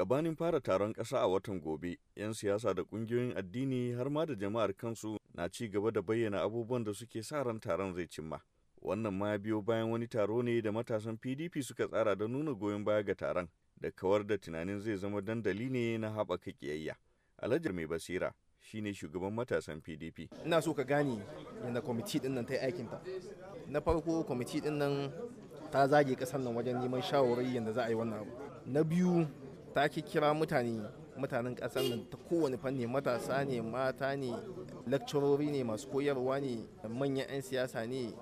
Gabanin fara taron ƙasa a watan gobe, 'yan siyasa da ƙungiyoyin addini har ma da jama'ar kansu na ci gaba da bayyana abubuwan da suke sa ran taron zai cimma. Wannan ma biyo bayan wani taro ne da matasan PDP suka tsara da nuna goyon baya ga taron, da kawar da tunanin zai zama dandali ne na haɓaka kiyayya Alhaji mai basira shine shugaban matasan PDP. Ina so ka gane yadda kwamiti din nan ta yi aikinta. Na farko kwamiti dinnan nan ta zage ƙasar nan wajen neman shawarwari yadda za a yi wannan abu. Na biyu ta kira mutane mutanen ƙasar nan ta kowane fanni matasa ne mata ne lakcarori ne masu koyarwa ne manyan 'yan siyasa ne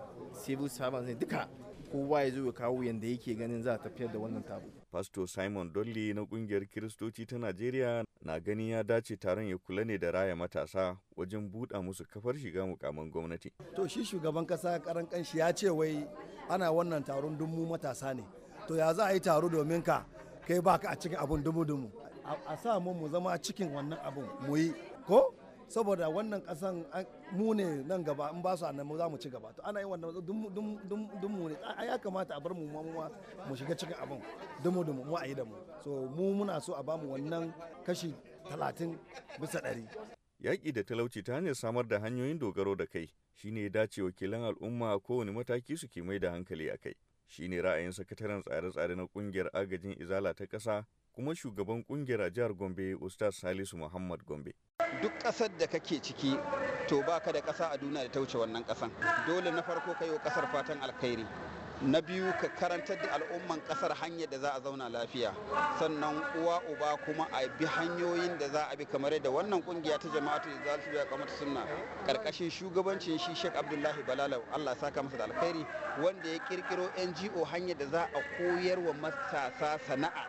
civil servants ne duka kowa ya zo ya kawo yadda yake ganin za a tafiyar da wannan taro. pastor Simon Dolly na kungiyar Kiristoci ta Najeriya na gani ya dace taron ya kula ne da raya matasa wajen buɗa musu kafar shiga mukaman gwamnati. To shi shugaban kasa karan kanshi ya ce wai ana wannan taron dun mu matasa ne. To ya za a yi taro domin ka kai baka a cikin abun dumu-dumu a sa mu mu zama cikin wannan abun mu yi ko saboda wannan kasan mu ne nan gaba in ba su a za mu ci gaba to ana yin wannan dun mu ne ya kamata a bar mu ma mu shiga cikin abun dumu dumu mu a yi da mu so mu muna so a bamu wannan kashi talatin bisa ɗari. Yaƙi da talauci ta hanyar samar da hanyoyin dogaro da kai shine ya dace wakilan al'umma kowane mataki su ke mai da hankali a kai. shine ra'ayin sakataren tsare-tsare na kungiyar agajin izala ta ƙasa kuma shugaban kungiyar a jihar Gombe Ustaz Salisu Muhammad Gombe. Duk ƙasar da kake ciki to baka da ƙasa a duniya da ta wuce wannan ƙasan. Dole na farko kai wa ƙasar fatan alkhairi. na biyu ka karantar da al'umman kasar hanyar da za a zauna lafiya sannan uwa uba kuma a bi hanyoyin da za a bi kamar yadda wannan kungiya ta jama'atu da a ya kamata sunna karkashin shugabancin shi Sheikh Abdullahi Balalau Allah saka masa da alkhairi wanda ya kirkiro NGO hanyar da za a koyar wa matasa sana'a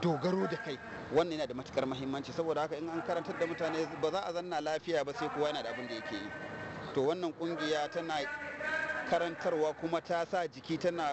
dogaro da kai wannan yana da matukar mahimmanci saboda haka in an karantar da mutane ba za a zanna lafiya ba sai kowa yana da abin da yake yi to wannan kungiya tana karantarwa kuma ta sa jiki tana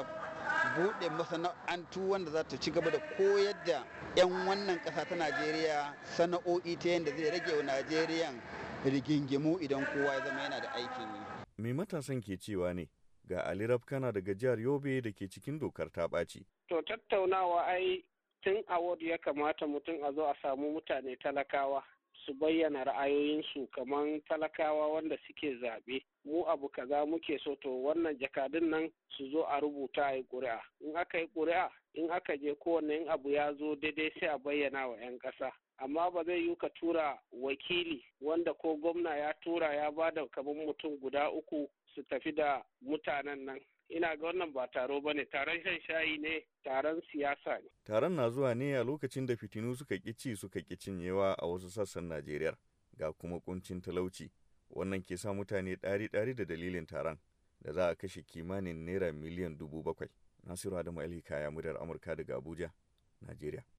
buɗe masana'antu wanda za ta ci gaba da koyar da 'yan wannan ƙasa ta najeriya sana'o'i ta yadda zai rage wa najeriyan rigingimu idan kowa ya zama yana da aikin yi me matasan ke cewa ne ga ali rafkana daga jihar yobe da ke cikin dokar ta ɓaci to tattaunawa ai tun awod ya kamata mutum a zo a samu mutane talakawa su bayyana ra'ayoyinsu kamar talakawa wanda suke zaɓe mu abu kaza muke so to wannan jakadun nan su zo a rubuta a yi ƙuri'a in aka yi ƙuri'a in aka je kowane in abu ya zo daidai sai a bayyana wa 'yan ƙasa amma ba zai yi ka tura wakili wanda ko gwamna ya tura ya ba da kamar mutum guda uku su tafi da mutanen nan ina ga wannan ba taro ba ne taron shan shayi ne taron siyasa ne taron na zuwa ne a lokacin da fitinu suka kici ci suka ƙi yawa a wasu sassan najeriya ga kuma kuncin talauci wannan ke sa mutane ɗari-ɗari da dalilin taron da za a kashe kimanin naira miliyan dubu bakwai nasiru adamu alhika ya muryar amurka daga abuja najeriya